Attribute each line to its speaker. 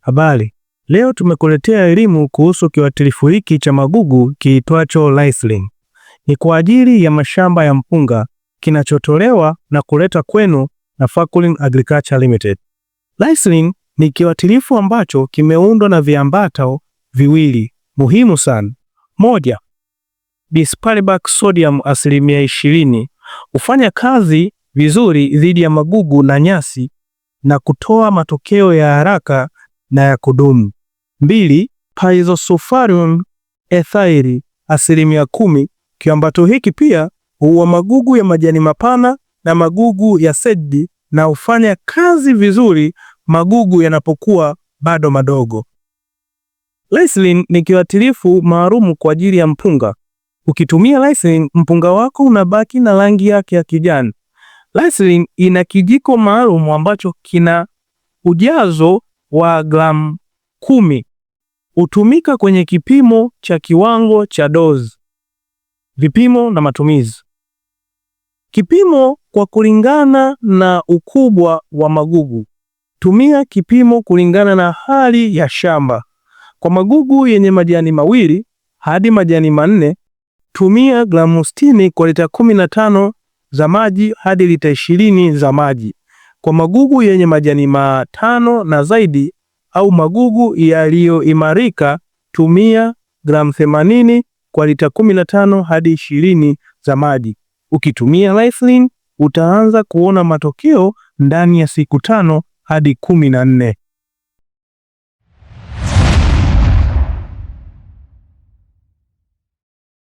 Speaker 1: Habari. Leo tumekuletea elimu kuhusu kiuatilifu hiki cha magugu kiitwacho Riesling. Ni kwa ajili ya mashamba ya mpunga kinachotolewa na kuleta kwenu na Fakulin Agriculture Limited. Riesling ni kiuatilifu ambacho kimeundwa na viambato viwili muhimu sana. Moja, Bisparibak sodium asilimia ishirini hufanya kazi vizuri dhidi ya magugu na nyasi na kutoa matokeo ya haraka na ya kudumu. Mbili, Pyrazosulfuron ethyl asilimia kumi. Kiambato hiki pia huwa magugu ya majani mapana na magugu ya sedi na hufanya kazi vizuri magugu yanapokuwa bado madogo. Lysine ni kiwatilifu maalumu kwa ajili ya mpunga. Ukitumia lysine, mpunga wako unabaki na rangi yake ya kijani. Lysine ina kijiko maalum ambacho kina ujazo wa gramu kumi hutumika kwenye kipimo cha kiwango cha dozi. Vipimo na matumizi. Kipimo kwa kulingana na ukubwa wa magugu. Tumia kipimo kulingana na hali ya shamba. Kwa magugu yenye majani mawili hadi majani manne, tumia gramu 60 kwa lita 15 za maji hadi lita 20 za maji kwa magugu yenye majani matano na zaidi au magugu yaliyoimarika. Tumia gramu 80 kwa lita 15 hadi 20 za maji. Ukitumia Lifeline utaanza kuona matokeo ndani ya siku tano hadi kumi na nne.